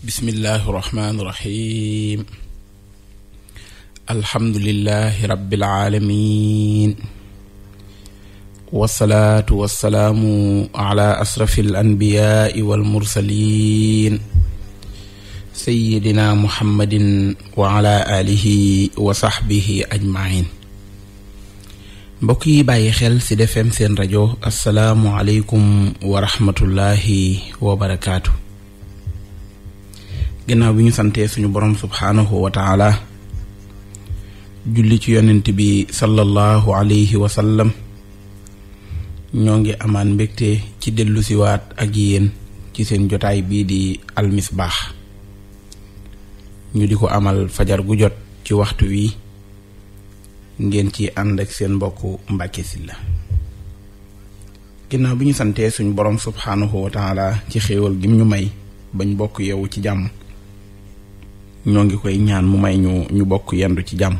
bismillahi irrahmaani irrahim alhamdulilahi rabilalamin wasalaatu wasalaamu ala asrafi alanbiyaai walmursalin sayidina muhammadin wa ala alihi wa saxbihi ajmain mbokk yi bàyyi xel ci Sud FM seen rajo asalaamualeykum wa rahmatullahi wa barakaatu ginnaaw bi ñu santee suñu borom subhaanahu wa julli ci yonent bi sallallahu alayhi wa ñoo ngi amaan mbégte ci dellu siwaat ak yéen ci seen jotaay bii di almisbaax ñu di ko amal fajar gu jot ci waxtu wi ngeen ci ànd ak seen mbokku Mbàkke Sylla ginnaaw bi ñu santee suñu borom subhaanahu wa taala ci xéewal gim ñu may bañ bokk yeewu ci jàmm ñoo ngi koy ñaan mu may ñu ñu bokk yendu ci jàmm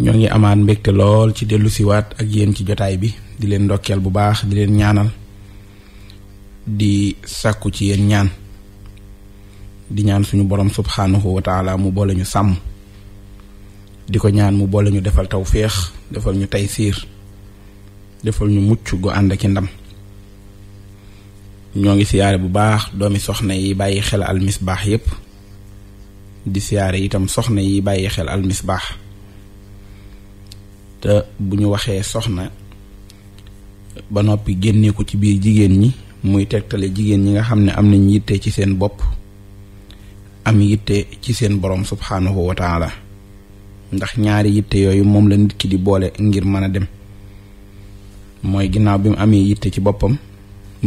ñoo ngi amaat mbégte lool ci dellusiwaat ak yéen ci jotaay bi di leen ndokkeel bu baax di leen ñaanal di sàkku ci yéen ñaan di ñaan suñu borom subxanahu wa taala mu boole ñu sàmm di ko ñaan mu boole ñu defal taw féex defal ñu tay siir defal ñu mucc gu ànd ak ndam ñoo ngi siyaare bu baax doomi soxna yi bàyyi xel almisbaax yépp di siyaare itam soxna yi bàyyi xel almisbaax te bu ñu waxee soxna ba noppi génne ko ci biir jigéen ñi muy tegtale jigéen ñi nga xam ne am nañ yitte ci seen bopp am yitte ci seen borom subhaanahu wa taala ndax ñaari yitte yooyu moom la nit ki di boole ngir mën a dem mooy ginnaaw bi mu amee yitte ci boppam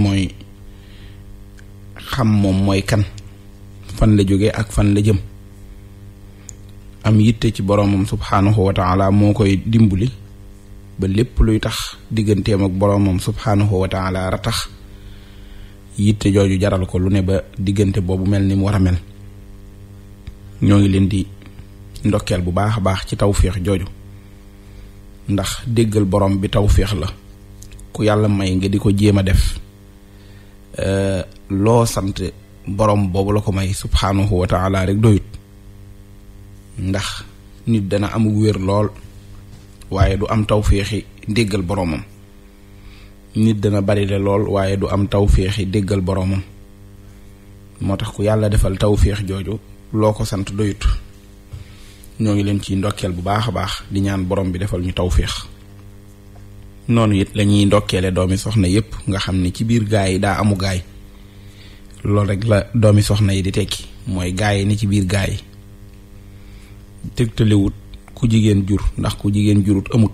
mooy xam moom mooy kan fan la jóge ak fan la jëm am yitte ci boroomam subhaanahu wa taala moo koy dimbali ba lépp luy tax digganteem ak boroomam subhaanahu wa taala ratax yitte jooju jaral ko lu ne ba diggante boobu mel ni mu war a mel ñoo ngi leen di ndokkeel bu baax a baax ci tawféex jooju ndax déggal borom bi tawféex la ku yàlla may nga di ko jéem a def loo sant borom boobu la ko may subhaanahu wa taala rek doyut ndax nit dana amug wér lool waaye du am tawféexi déggal boroomam nit dana bari le lool waaye du am tawféexi déggal boroomam moo tax ku yàlla defal tawféex jooju loo ko sant doyut ñoo ngi leen ciy ndokkeel bu baax a baax di ñaan borom bi defal ñu tawféex noonu it lañuy ndokkeele doomi soxna yépp nga xam ni ci biir gaay yi daa amu gaay loolu rek la doomi soxna yi di tekki mooy gaay yi ni ci biir gaa yi tegtalewut ku jigéen jur ndax ku jigéen jurut amut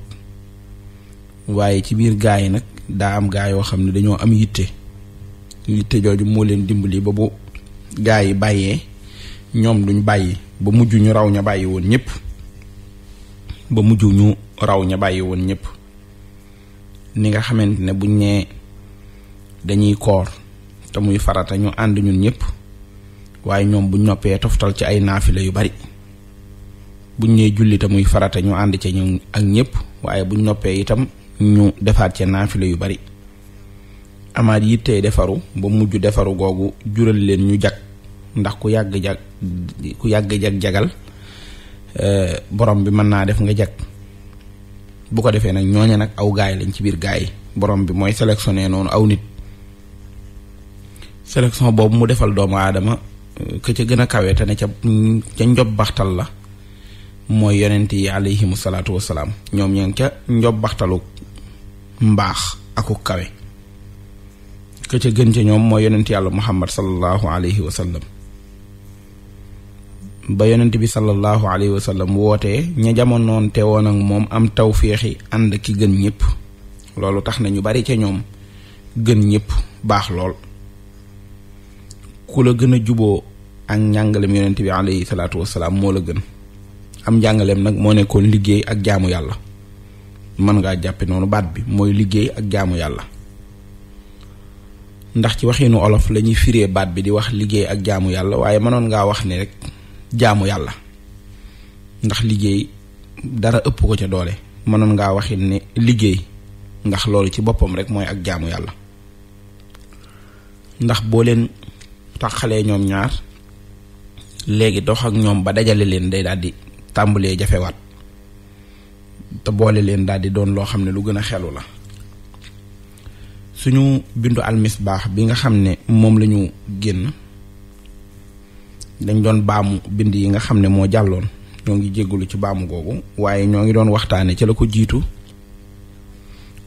waaye ci biir gaa yi nag daa am gaa yoo xam ne dañoo am yitte yitte jooju moo leen dimbali ba bu gaa yi bàyyee ñoom duñ bàyyi ba mujj ñu raw ña bàyyi woon ñëpp ba mujj ñu raw ña bàyyi woon ñëpp ni nga xamant ne buñ nee dañuy koor te muy farata ñu ànd ñun ñëpp waaye ñoom bu ñoppee toftal ci ay naafile yu bari buñ ñee julli te muy farata ñu ànd ca ñu ak ñëpp waaye buñ noppee itam ñu defaat ca naafile yu bari amaat yittee defaru ba mujj defaru googu jural leen ñu jag ndax ku yàgg jag ku yàgg jag jagal eh, borom bi mën naa def nga jag bu ko defee nag ñooña nag aw gaay lañ ci biir gaay yi borom bi mooy sélectionné noonu aw nit sélection boobu mu defal doomu aadama eh, ka ca gën a kawe ne ca ca njob baxtal la mooy yonent yi alayhimu salaatu wasalaam ñoom ñoo ca njobbaxtalu mbaax aku kawe ka ca gën ca ñoom mooy yonent yàlla muhammad sallallahu alayhi wa sallam ba yonent bi sallallahu alayhi wa sallam wootee ña jamonoon te woon ak moom am tawféexi ànd ki gën ñëpp loolu tax na ñu bari ca ñoom gën ñëpp baax lool ku la gën a juboo ak njàngalem yonent bi alayhi salaatu wasalaam moo la gën am njàngaleem nag moo nekkoon liggéey ak jaamu yàlla mën ngaa jàppe noonu baat bi mooy liggéey ak jaamu yàlla ndax ci waxinu olof la ñuy firee baat bi di wax liggéey ak jaamu yàlla waaye mënoon ngaa wax ne rek jaamu yàlla ndax liggéey dara ëpp ko ca doole mënoon ngaa waxin ni liggéey ndax loolu ci boppam rek mooy ak jaamu yàlla ndax boo leen taxalee ñoom ñaar léegi dox ak ñoom ba dajale leen day daal di tàmbalee jafewaat te boole leen daal di doon loo xam ne lu gën a xelu la suñu bindu almisbaax bi nga xam ne moom la ñu génn dañ doon baamu bind yi nga xam ne moo jàlloon ñoo ngi jéggulu ci baamu googu waaye ñoo ngi doon waxtaane ci la ko jiitu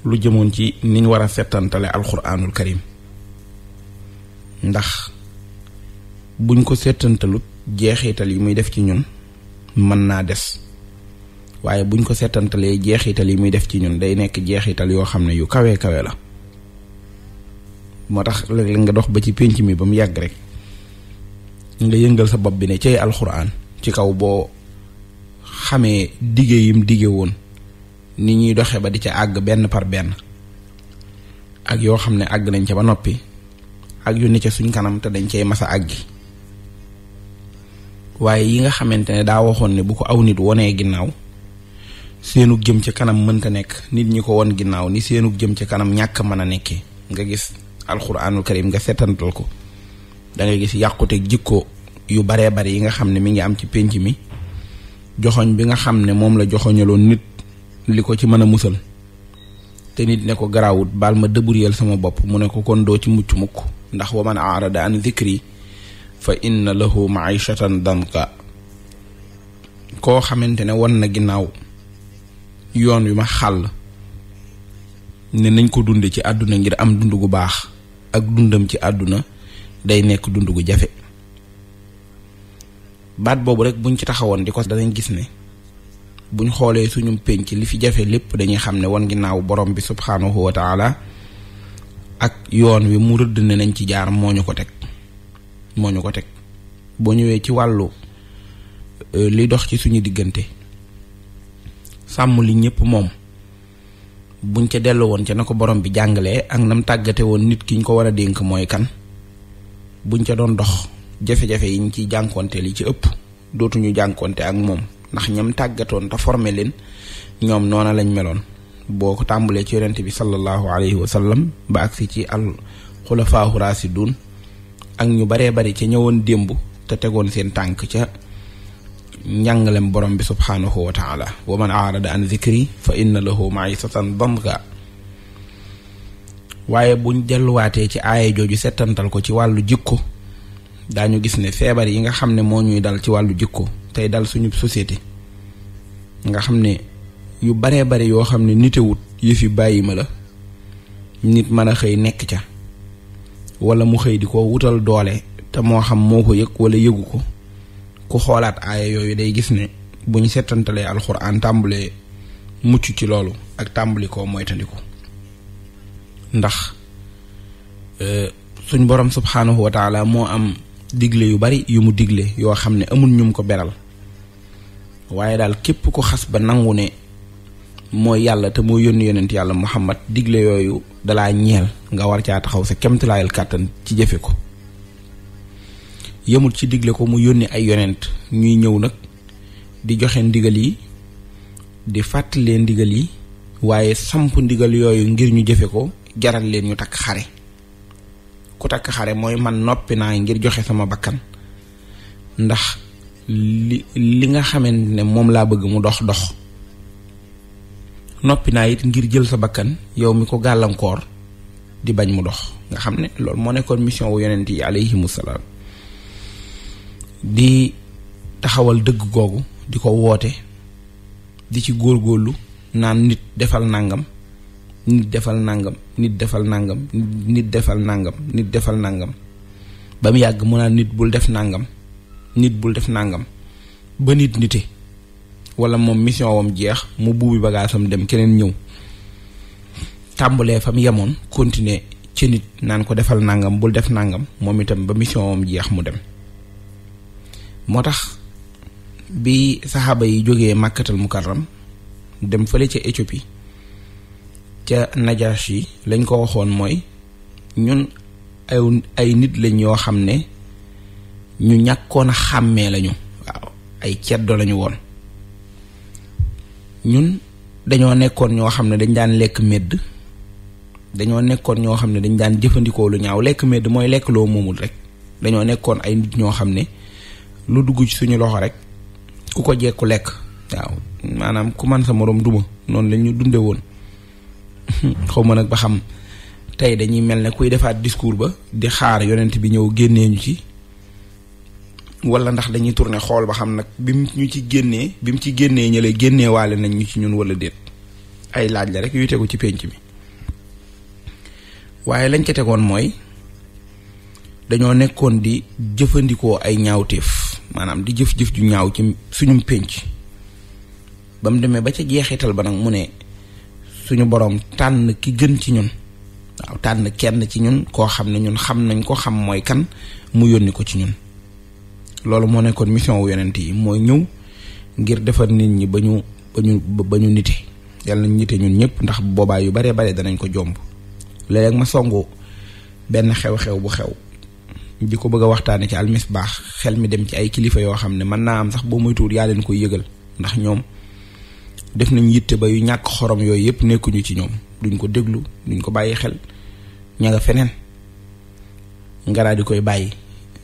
lu jëmoon ci niñ war a settantale alxuraanul karim ndax buñ ko setantalu jeexital yi muy def ci ñun mën naa des waaye buñ ko seetantalee jeexital yi muy def ci ñun day nekk jeexital yoo xam ne yu kawe kawe la moo tax léeg nga dox ba ci pénc mi ba mu yàgg rek nga yëngal sa bopp bi ne cay alxuraan ci kaw boo xamee dige yim dige woon ni ñuy doxe ba di ca àgg benn par benn ak yoo xam ne àgg nañ ca ba noppi ak yu ne ca suñ kanam te dañ cay masa àggi waaye yi nga xamante ne daa waxoon ne bu ko aw nit wonee ginnaaw seenug jëm ci kanam mën ko nekk nit ñi ko won ginnaaw ni seenug jëm ci kanam ñàkk mën a nekkee nga gis alxuraanul karim nga setantal ko da nga gis yàqute jikko yu baree bari yi nga xam ne mi ngi am ci pénc mi joxoñ bi nga xam ne moom la joxoñaloon nit li ko ci mën a musal te nit ne ko garaawut baal ma dëburiyal sama bopp mu ne ko kon doo ci mucc mukk ndax wa man aarada an zikri fa inna lahu maishatan danka koo xamante ne wan na ginnaaw yoon wi ma xàll ne nañ ko dunde ci àdduna ngir am dund gu baax ak dundam ci àdduna day nekk dund gu jafe baat boobu rek buñ ci taxawoon di ko danañ gis ne buñ xoolee suñu pénc li fi jafe lépp dañuy xam ne wan ginnaaw borom bi subhaanahu wa taala ak yoon wi mu rëdd ne nañ ci jaar moo ñu ko teg moo ñu ko teg boo ñëwee ci wàllu euh, li dox ci suñu diggante sàmm li ñëpp moom buñ ca dellu woon ca na ko borom bi jàngalee ak nam tàggate woon nit ki ñu ko war a dénk mooy kan buñ ca doon dox jafe-jafe yi ñu ciy jànkoonte li ci ëpp dootuñu jànkoonte ak moom ndax ñam tàggatoon te formé leen ñoom noona lañ meloon boo ko tàmbalee ci yonent bi sallallahu alayhi wa sallam ba agsi ci al xulafaahu raasidun ak ñu baree bari ca ñëwoon démb te tegoon seen tànk ca njàngalem borom bi subhaanahu wa taala wa man aarada an zikri fa inna sosan maisatan danka waaye buñ delluwaatee ci aaya jooju setantal ko ci wàllu jikko daañu gis ne feebar yi nga xam ne moo ñuy dal ci wàllu jikko tey dal suñu société nga xam ne yu baree bari yoo xam ne nitewut fi bàyyi ma la nit mën a xëy nekk ca wala mu xëy di ko wutal doole te moo xam moo ko yëg wala yëgu ko ku xoolaat aaya yooyu day gis ne bu ñu setantalee alxuraan tàmbalee mucc ci loolu ak tàmbali koo moytandiku ndax e, suñ borom subxanahu wa moo am digle yu bari yu mu digle yoo xam ne amul ñum ko beral waaye daal képp ku xas ba nangu ne. mooy yàlla te moo yónni yonent yàlla muhammad digle yooyu dalaa ñeel nga war caa taxaw sa kemtulaayal kàttan ci jëfe ko yëmul ci digle ko mu yónni ay yonent ñuy ñëw nag di joxe ndigal yi di fàttalee ndigal yi waaye samp ndigal yooyu ngir ñu jëfe ko jaral leen ñu takk xare ku takk xare mooy man noppi naa ngir joxe sama bakkan ndax li li nga xamante ne moom laa bëgg mu dox dox noppi naa it ngir jël sa bakkan yow mi ko gàllankoor di bañ mu dox nga xam ne loolu moo nekkoon mission wu yonent yi aleyhimu di taxawal dëgg googu di ko woote di ci góor góorlu naan nit defal nàngam defal nàngam nit defal nàngam nit defal nàngam nit defal nàngam ba mu yàgg mu naan nit bul def nàngam nit bul def nàngam ba nit nite wala moom mission wam jeex mu buubi bagaasam dem keneen ñëw tàmbalee fam yemoon continuer ci nit naan ko defal nangam bul def nangam moom itam ba mission wam jeex mu dem moo tax bi saxaaba yi jógee màkkatal mukarram dem fële ca Éthiopie ca Najashi yi lañ ko waxoon mooy ñun ay ay nit lañ yoo xam ne ñu ñàkkoon a xàmmee lañu waaw ay ceddo lañu woon ñun dañoo nekkoon ñoo xam ne dañ daan lekk medd dañoo nekkoon ñoo xam ne dañ daan jëfandikoo lu ñaaw lekk medd mooy lekk loo moomul rek dañoo nekkoon ay nit ñoo xam ne lu dugg ci suñu loxo rek ku ko jekku lekk waaw maanaam ku man sa moroom duma noonu la ñu dunde woon xaw ma nag ba xam tey dañuy mel ne kuy defaat discours ba di xaar yonent bi ñëw génnee ñu ci wala ndax dañuy turne xool ba xam nag bi ñu ci génnee bi mu ci génnee ñële génnee waale nañ ñu ci ñun wala déet ay laaj la rek yuy tegu ci pénc bi waaye lañ ca tegoon mooy dañoo nekkoon di jëfandikoo ay ñaawteef maanaam di jëf-jëf ju ñaaw ci suñu pénc ba mu demee ba ca jeexital ba nag mu ne suñu boroom tànn ki gën ci ñun waaw tànn kenn ci ñun koo xam ne ñun xam nañ koo xam mooy kan mu yónni ko ci ñun loolu moo nekkoon mission wu yonent yi mooy ñëw ngir defar nit ñi ba ñu ba ñu ba nite yàlla nañ nite ñun ñëpp ndax boobaa yu baree bare danañ ko jomb léeg ma songoo benn xew-xew bu xew di ko bëgg a waxtaane ci baax xel mi dem ci ay kilifa yoo xam ne mën naa am sax boo moytuwul yaa leen koy yëgal ndax ñoom def nañ yitte ba yu ñàkk xorom yooyu yëpp nekkuñu ci ñoom duñ ko déglu duñ ko bàyyi xel ña feneen nga di koy bàyyi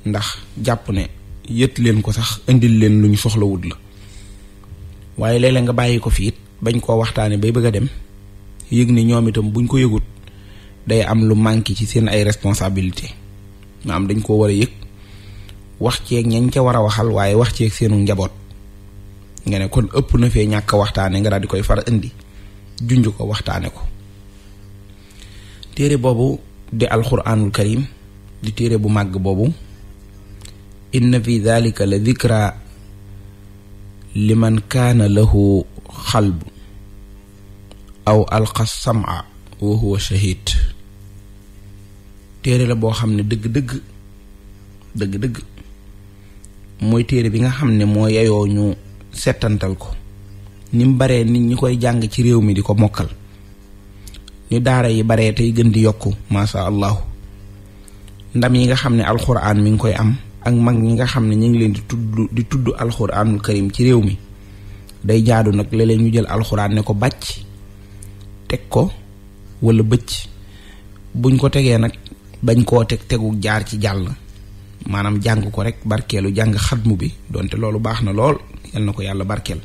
ndax jàpp ne yët leen ko sax indil leen lu ñu soxlawut la waaye léeg nga bàyyi ko fi it bañ koo waxtaanee bay bëgg a dem yëg ni ñoom itam buñ ko yëgut day am lu manqué ci seen ay responsabilité maanaam dañ koo war a yëg wax ceeg ñañ ca war a waxal waaye wax ceeg seenu njaboot nga ne kon ëpp na fee ñàkk waxtaane nga daal di koy far indi junj ko waxtaane ko téere boobu di alxuraanul karim di téere bu màgg boobu inna fi dalika la dikra liman kaana lahu xalb aw alqa sama wa huwa shahid téere la boo xam ne dëgg-dëgg dëgg-dëgg mooy téere bi nga xam ne moo yayoo ñu setantal ko ni mu baree nit ñi koy jàng ci réew mi di ko mokkal ñu daara yi baree tey gën di yokku maasha allahu ndam yi nga xam ne alxuraan mi ngi koy am ak mag ñi nga xam ne ñu ngi leen di tudd di tudd alxuraanul karim ci réew mi day jaadu nag léeg-léeg ñu jël alxuraan ne ko bàcc teg ko wala bëcc buñ ko tegee nag bañ koo teg tegu jaar ci jàll maanaam jàng ko rek barkeelu jàng xatmu bi donte loolu baax na lool yal na ko yàlla barkeel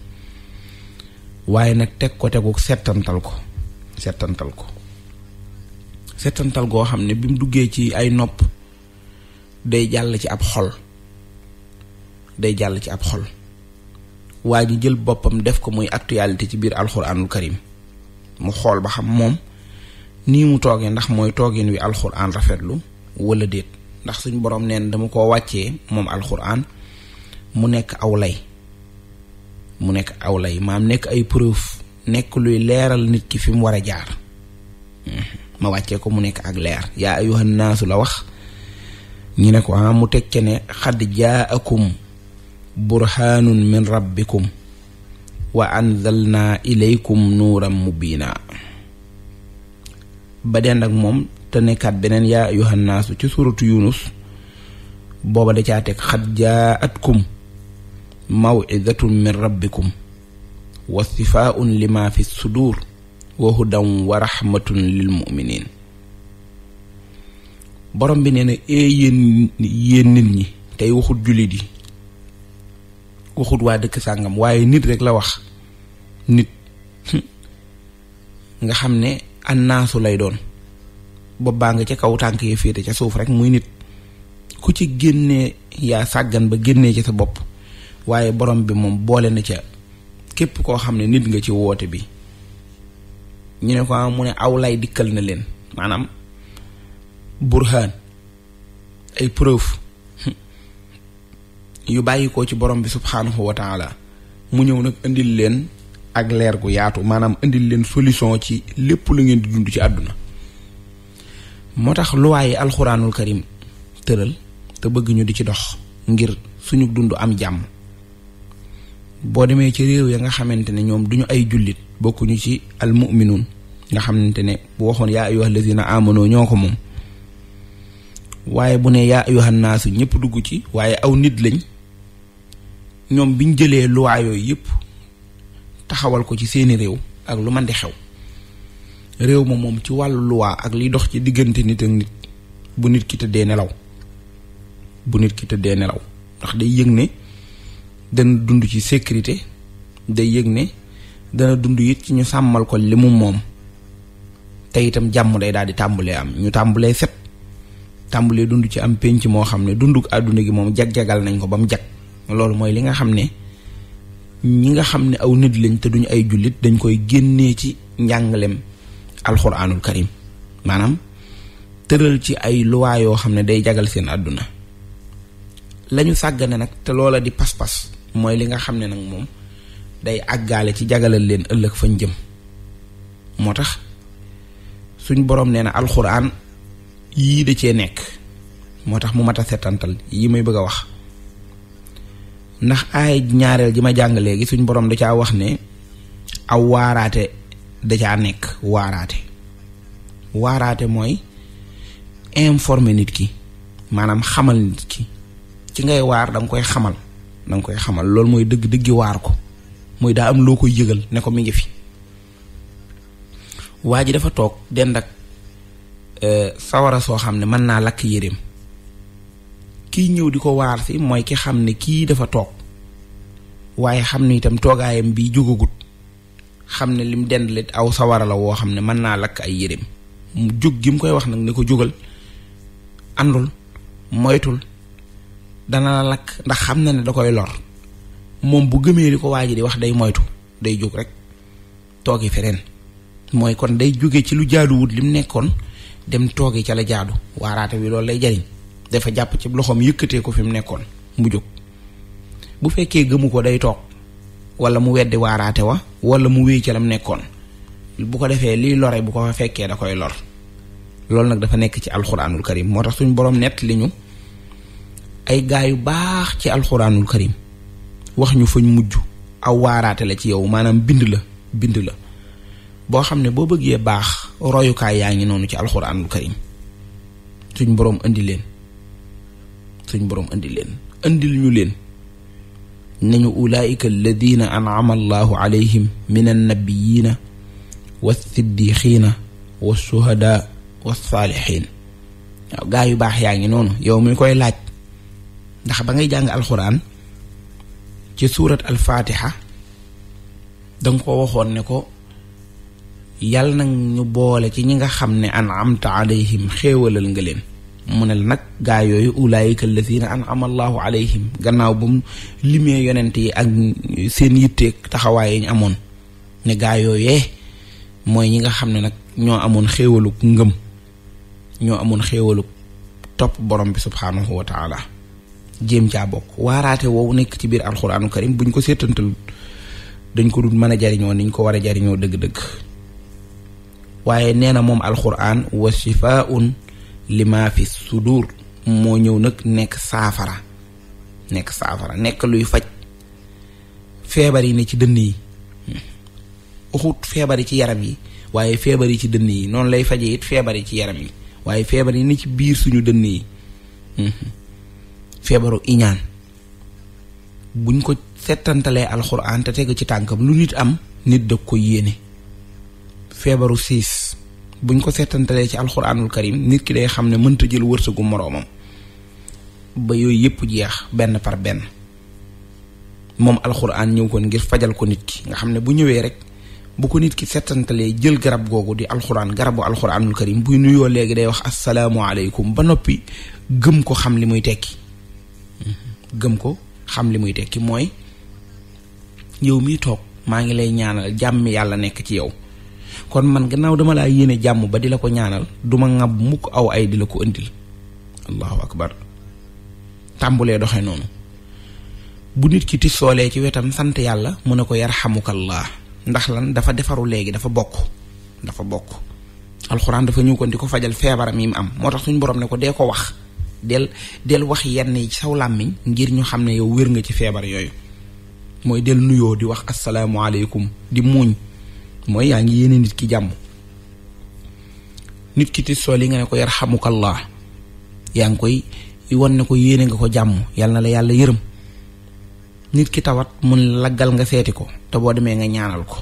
waaye nag teg ko tegu setantal ko settantal ko settantal goo xam ne bi mu duggee ci ay nopp day jàll ci ab xol day jàll ci ab xol waa ji jël boppam def ko muy actualité ci biir alxuraanul karim mu xool ba xam moom nii mu toogee ndax mooy toogin wi alxuraan rafetlu wala déet ndax suñ borom neen dama koo wàccee moom alxuraan mu nekk aw lay mu nekk aw lay maam nekk ay preuve nekk luy leeral nit ki fi mu war a jaar mhm. ma wàccee ko mu nekk ak leer yaa ayuhan la wax ñu ne ko ah mu teg ca ne xad jaakum burhaanun min rabbikum wa anzalna ilaykum nuuram mubiina ba dend moom te nekkaat beneen yaa ayuhan naasu ci suuratu yunus booba da caa teg xad jaatkum mawizatun min rabbikum wa sifaaun lima fi sudur wa hudan wa rahmatun lil muminin borom bi nee na ee eh, yéen yéen nit ñi tey waxut jullit yi waxut waa dëkk sàngam waaye nit rek la wax nit nga xam ne annaasu lay doon bopp baa nga ca kaw tànk yi féete ca suuf rek muy nit ku ci génnee yaa sàggan ba génnee ci sa bopp waaye borom bi moom boole na ca képp koo xam ne nit nga ci woote bi ñu ne ko ah, mu ne aw lay dikkal na leen maanaam burhaan ay preuve yu bàyyi ko ci borom bi subhaanahu wa mu ñëw nag indil leen ak leer gu yaatu maanaam indil leen solution ci lépp lu ngeen di dund ci àdduna moo tax luwaaye alxuraanul karim tëral te bëgg ñu di ci dox ngir suñu dund am jàmm boo demee ci réew ya nga xamante ne ñoom duñu ay jullit bokkuñu ci almuminuun nga xamante ne bu waxoon yaa ayyuhal lazina amano ñoo ko moom waaye bu ne yaa ayyuhan naasu ñëpp dugg ci waaye aw nit lañ ñoom biñ jëlee luwaa yooyu yëpp taxawal ko ci seeni réew ak lu man di xew réew ma moom ci wàllu luwaa ak liy dox ci diggante nit ak nit bu nit ki tëddee nelaw bu nit ki tëddee nelaw ndax day yëg ne dana dund ci sécurité day yëg ne dana dund it ci ñu sàmmal ko li mu moom tey itam jàmm day daal di tàmbulee am ñu tàmbulee set tàmbulee dundu ci am pénc moo xam ne dunduk àdduna gi moom jag-jagal nañ ko ba mu jag loolu mooy li nga xam ne ñi nga xam ne aw nit lañ te duñu ay jullit dañ koy génnee ci njàngalem alxuraanul karim maanaam tëral ci ay luwaa yoo xam ne day jagal seen àdduna lañu sàggane nag te loola di pas-pas mooy li nga xam ne nag moom day àggaale ci jagalal leen ëllëg fañ jëm moo tax suñ boroom nee na alxuraan yii da cee nekk moo tax mu mat a setantal yii may bëgg a wax ndax aay ñaareel ji ma jàng léegi suñ borom da caa wax ne aw waaraate da caa nekk waaraate waaraate mooy informer nit ki maanaam xamal nit ki ci ngay waar da koy xamal da koy xamal loolu mooy dëgg dëggi waar ko mooy daa am loo koy yëgal ne ko mi ngi fi waa ji dafa toog dend ak Euh, sawara soo xam ne mën naa lakk yéreem kiy ñëw di ko waar si mooy ki xam ne kii dafa toog waaye xam ne itam toogaayam bi jógagut xam ne lim dend lit aw sawara la woo xam ne mën naa lakk ay yéreem mu jóg gi mu koy wax nag ne ko jógal àndul moytul dana la lakk ndax xam na ne da koy lor moom bu gëmee li ko waa di wax day moytu day jóg rek toogi feneen mooy kon day jóge ci lu jaaduwut lim nekkoon dem toogee ca la jaadu waaraate wi loolu lay jariñ dafa jàpp ci loxoom yëkkatee ko fi mu nekkoon mu jóg bu fekkee gëmu ko day toog wala mu weddi waaraate wa wala mu wéy ca la nekkoon bu ko defee liy lore bu ko fa fekkee da koy lor loolu nag dafa nekk ci alxuraanul karim moo tax suñ borom nett li ñu ay gaa yu baax ci alxuraanul karim wax ñu fañ mujj aw waaraate la ci yow maanaam bind la bind la boo xam ne boo bëggee baax royukaay yaa ngi noonu ci alxuraanul karim suñ boroom indi leen suñ boroom indi leen indil ñu leen nañu ulaayika alladina an'ama allahu alayhim min annabiyina wa washuhada wasaalihin waaw gaa yu baax yaa ngi noonu yow mi koy laaj ndax ba ngay jàng alxuraan ci suurat alfaatiha danga ko waxoon ne ko yàlla nag ñu boole ci ñi nga xam ne an amta alayhim xéewalal nga leen mu ne la nag gaa yooyu ulaayika allazina an amallaahu alayhim gannaaw ba mu limee yonent yi ak seen yitteeg taxawaay yi amoon ne gaa yooyee mooy ñi nga xam ne nag ñoo amoon xéewaluk ngëm ñoo amoon xéewaluk topp borom bi subhaanahu wa taala jéem caa bokk waaraate woowu nekk ci biir alxuraanu karim buñ ko seetantal dañ ko dul mën a jariñoo niñ ko war a jariñoo dëgg-dëgg waaye nee na moom alquran wa shifaun lima fi sudur moo ñëw nag nekk saafara nekk saafara nekk luy faj feebar yi ne ci dënn yi uxut feebar yi ci yaram yi waaye feebar yi ci dënn yi noonu lay faje it feebar ci yaram yi waaye feebar yi ne ci biir suñu dënn yi feebaru iñaan buñ ko settantalee alxuraan te teg ci tànkam lu nit am nit da ko yéene feebaru siis buñ ko seetantalee ci alxuraanul karim nit ki day xam ne mënta jël wërsëgu moroomam ba yooyu yëpp jeex benn par benn moom alxuraan ñëw kon ngir fajal ko nit ki nga xam ne bu ñëwee rek bu ko nit ki seetantalee jël garab googu di alxuraan garabu alxuraanul karim buy nuyoo léegi day wax asalaamualeykum ba noppi gëm ko xam li muy tekki gëm ko xam li muy tekki mooy yow mi toog maa ngi lay ñaanal jàmm yàlla nekk ci yow kon man gannaaw dama laa yéene jàmm ba di la ko ñaanal duma ŋab mukk aw ay di la ko indil allahu akbar tàmbulee doxe noonu bu nit ki ti soolee ci wetam sant yàlla mu ne ko yar yarxamukallah ndax lan dafa defaru léegi dafa bokk dafa bokk alxuraan dafa ñëw kon di ko fajal feebaram yi mu am moo tax suñu boroom ne ko dee ko wax del del wax yenn yi ci saw làmmiñ ngir ñu xam ne yow wér nga ci feebar yooyu mooy del nuyoo di wax asalaamualeykum di muuñ mooy yaa ngi yéene nit ki jàmm nit ki tisool yi nga ne ko yarhamukallah yaa ngi koy wan ne ko yéene nga ko jàmm yal na la yàlla yërëm nit ki tawat mun laggal nga seeti ko te boo demee nga ñaanal ko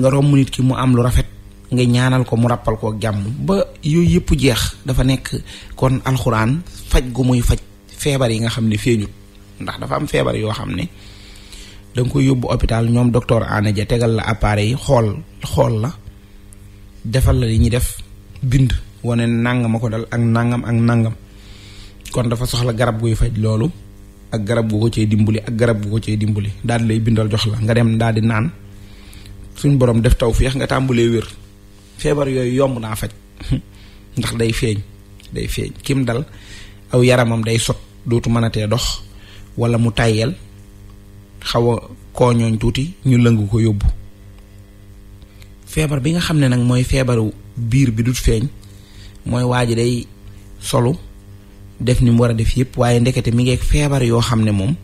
nga romb nit ki mu am lu rafet nga ñaanal ko mu ràppal ko ak jàmm ba yooyu yëpp jeex dafa nekk kon alxuraan faj gu muy faj feebar yi nga xam ne feeñut ndax dafa am feebar yoo xam ne da koy yóbbu hôpital ñoom docteur Ane Dia tegal la appareil yi xool xool la defal la li ñuy def bind wane nàngama ko dal ak nàngam ak nàngam kon dafa soxla garab guy faj loolu ak garab gu ko cee dimbali ak garab gu ko cee dimbali daal di lay bindal jox la nga dem daal di naan suñ borom def taw féex nga tàmbalee wér feebar yooyu yomb naa faj ndax day feeñ day feeñ kim dal aw yaramam day sot dootu mënatee dox wala mu tàyyeel xaw a kooñooñ tuuti ñu lëng ko yóbbu feebar bi nga xam ne nag mooy feebaru biir bi du feeñ mooy waa ji day solu def ni mu war a def yëpp waaye ndekete mi ngeeg feebar yoo xam ne moom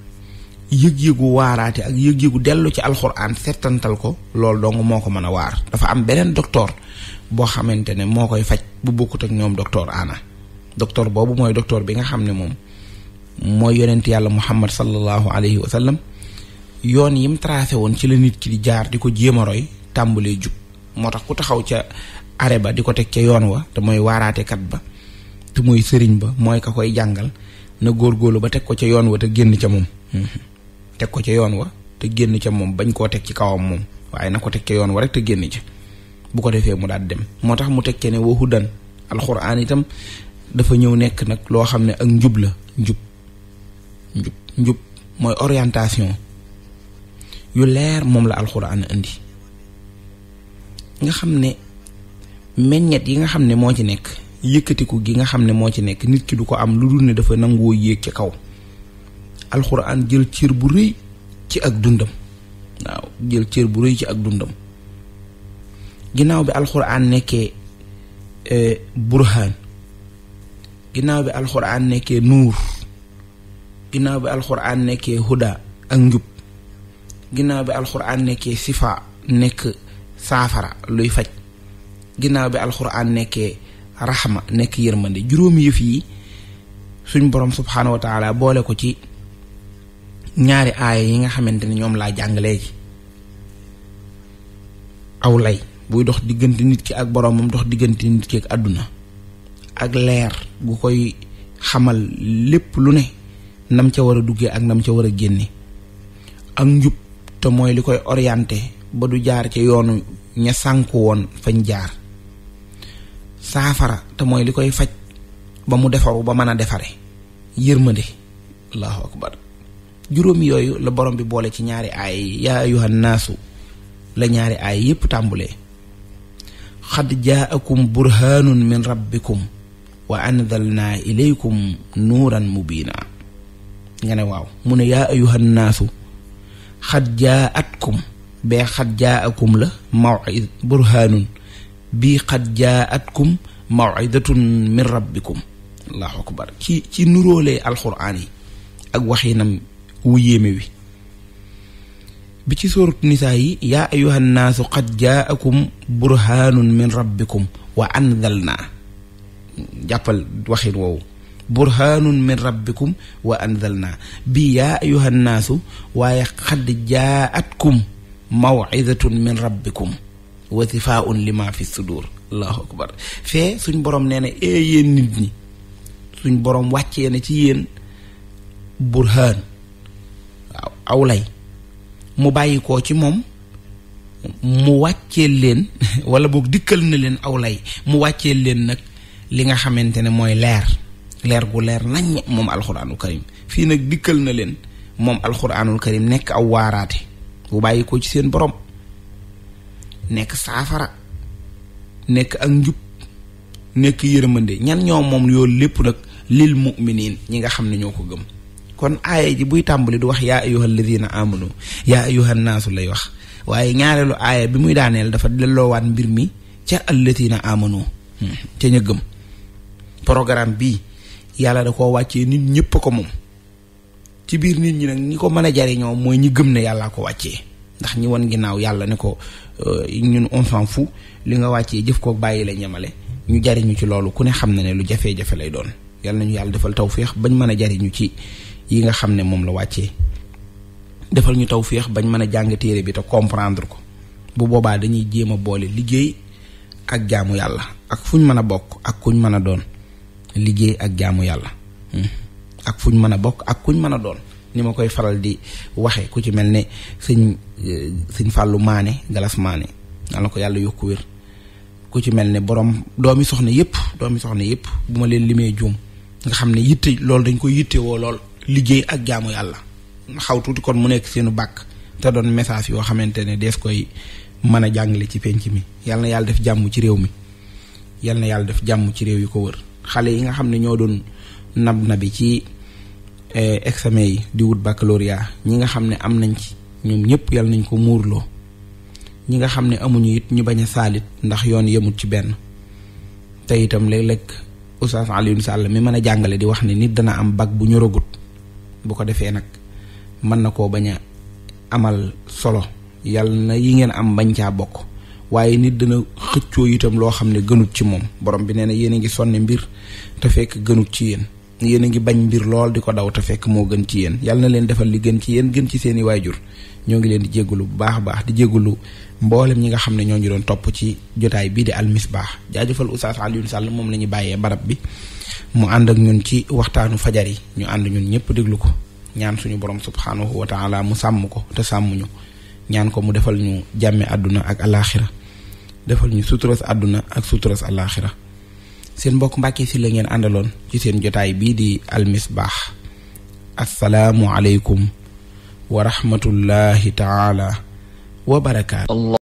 yëg-yëgu waaraate ak yëg-yëgu dellu ci alxuraan settantal ko loolu dong moo ko mën a waar dafa am beneen docteur boo xamante ne moo koy faj bu bokkut ak ñoom docteur Anna docteur boobu mooy docteur bi nga xam ne moom mooy yonent yàlla muhammad sallallahu alayhi wa sallam yoon yim tracé woon ci la nit ki di jaar di ko jéem a roy tàmbalee jub moo tax ku taxaw ca are ba di ko teg ca yoon wa te mooy waaraate kat ba te mooy sëriñ ba mooy ka koy jàngal na góor góorlu ba teg ko ca yoon wa te génn ca moom mhm. teg ko ca yoon wa te génn ca moom bañ koo teg ci kawam moom waaye na ko teg ca yoon wa rek te génn ca bu ko defee mu daal dem moo tax mu teg tekkee ne wa hudan alxuraan itam dafa ñëw nekk nag loo xam ne ak njub la njub njub njub mooy orientation yu leer moom la alxuraan indi nga xam ne meññet yi nga xam ne moo ci nekk yëkkatiku gi nga xam ne moo ci nekk nit ki du ko am lu dul ne dafa nangoo yéeg ci kaw alxuraan jël cër bu rëy ci ak dundam jël cër bu ci ak dundam ginnaaw bi alxuraan nekkee eh, burhaan ginnaaw bi alxuraan nekkee nuur ginnaaw bi alxuraan nekkee huda ak njub ginnaaw bi alxuraan nekkee sifa nekk saafara luy faj ginnaaw bi alxuraan nekkee raxma nekk yërmande juróomi yëf yi suñ borom subxanahu boole ko ci ñaari aaya yi nga xamante ne ñoom laa jàng léegi aw lay buy dox diggante nit ki ak boromam dox diggante nit ki ak àdduna ak leer gu koy xamal lépp lu ne nam ca war a duggee ak nam ca war a génne ak njub te mooy li koy orienté ba du jaar ci yoonu ña sànku woon fañ jaar saafara te mooy li koy faj ba mu defaru ba mën a defare yërmande allahu akbar juróom yooyu la borom bi boole ci ñaari aay yaa ayuhan naasu la ñaari aay yépp tàmbulee xad jaakum burhanun min rabbikum wa anzalnaa ilaykum nuuran mubiina nga ne waaw mu ne yaa ayuhan xad jaa atkum bee xad jaa akum la mawid burhaanun bii xad jaa atkum mawidatun min rabbikum allahu akbar ci ci nuróolee alxuraan yi ak waxinam wu yéeme bi ci sóoratu nisaa yi yaa ayuha nnaasu qad jaakum min rabbikum wa anzalnaa jàppal waxin woowu burhaanun min rabbikum wa anzalna bii yaa ayuha nnaasu waaye xad jaatkum mawizatun min rabbikum wa lima fi sudur allahu akbar fee suñ borom nee na ee eh, nit ñi suñ borom wàccee na ci yéen burhaan waaw awlay mu bàyyikoo ci moom mu wàccee leen wala boog dikkal na leen awlay mu wàccee leen nag li nga xamante ne mooy leer leer gu leer nañ moom alxuraanul karim fii nag dikkal na leen moom alxuraanul karim nekk aw waaraate bu bàyyi ko ci seen borom nekk saafara nekk ak njub nekk yërmande ñan ñoo moom yoolu lépp nag lil muminin ñi nga xam ne ñoo ko gëm kon aaya ji buy tàmbali du wax yaa ayyuha alladina amanu yaa ayyuha naasu lay wax waaye ñaareelu aaya bi muy daaneel dafa delloowaat mbir mi ca alladina amanu ca ña gëm programme bii yàlla da koo wàccee nit ñëpp ko moom ci biir nit ñi nag ñi ko mën a jariñoo mooy ñi gëm ne yàllaa ko wàccee ndax ñi wan ginnaaw yàlla ne ko euh, ñun on s'en fout li nga wàccee jëf ko bàyyi la ñemale ñu jariñu ci loolu ku ne xam na ne lu jafe-jafe lay doon yàlla nañu yàlla defal tawféex bañ mën a jariñu ci yi nga xam ne moom la wàccee defal ñu tawféex bañ mën a jàng téere bi te comprendre ko bu boobaa dañuy jéem a boole liggéey ak jaamu yàlla ak fuñ mën a bokk ak kuñ mën a doon liggéey ak jaamu yàlla hmm. ak fuñ mën a bokk ak ku kuñ mën a doon ni ma koy faral di waxe ku ci mel ne sëñ eh, sëñ fàllu maane galas maane na la ko yàlla ko wér ku ci mel ne borom doomi soxna yëpp doomi soxna yëpp bu ma leen limee juum nga xam ne yitte loolu dañ koy yitte lool liggéey ak jaamu yàlla xaw tuuti kon mu nekk seenu bàkk te doon message yoo xamante ne dees koy mën a jàngale ci penc mi yal na yàlla def jàmm ci réew mi yal na yàlla def jàmm ci réew yi ko wër xale yi nga xam ne ñoo doon nab nabi ci eh, examen yi di wut baccalauréat ñi nga xam ne am nañ ci ñoom ñëpp yal nañ ko muurloo ñi nga xam ne amuñu it ñu bañ a saalit ndax yoon yemut ci benn te itam léeg-léeg Oustaz Alioune Sall mi mën a jàngale di wax ne nit dana am bag bu ñoragut bu ko defee nag mën na koo bañ a amal solo yal na yi ngeen am bañ caa bokk waaye nit dina xëccoo itam loo xam ne gënut ci moom borom bi nee na yéen a ngi sonne mbir te fekk gënut ci yéen yéen a ngi bañ mbir lool di ko daw te fekk moo gën ci yéen yàlla na leen defal li gën ci yéen gën ci seeni waajur ñoo ngi leen di jégalu bu baax a baax di jégalu mboolem ñi nga xam ne ñoo ñu doon topp ci jotaay bii di Al Misbah jaajëfal Oustaz Alioune Sall moom la bàyyee barab bi mu ànd ak ñun ci waxtaanu fajar yi ñu ànd ñun ñëpp déglu ko ñaan suñu borom subhaanahu wa taala mu sàmm ko te sàmm ñu ñaan ko mu defal ñu jàmme àdduna ak alaaxira defal ñu suturas àdduna ak suturas alaaxira seen mbokk si la ngeen àndaloon ci seen jotaay bii di almisbaax asalaamu aleykum wa rahmatullahi taala wa barakaatu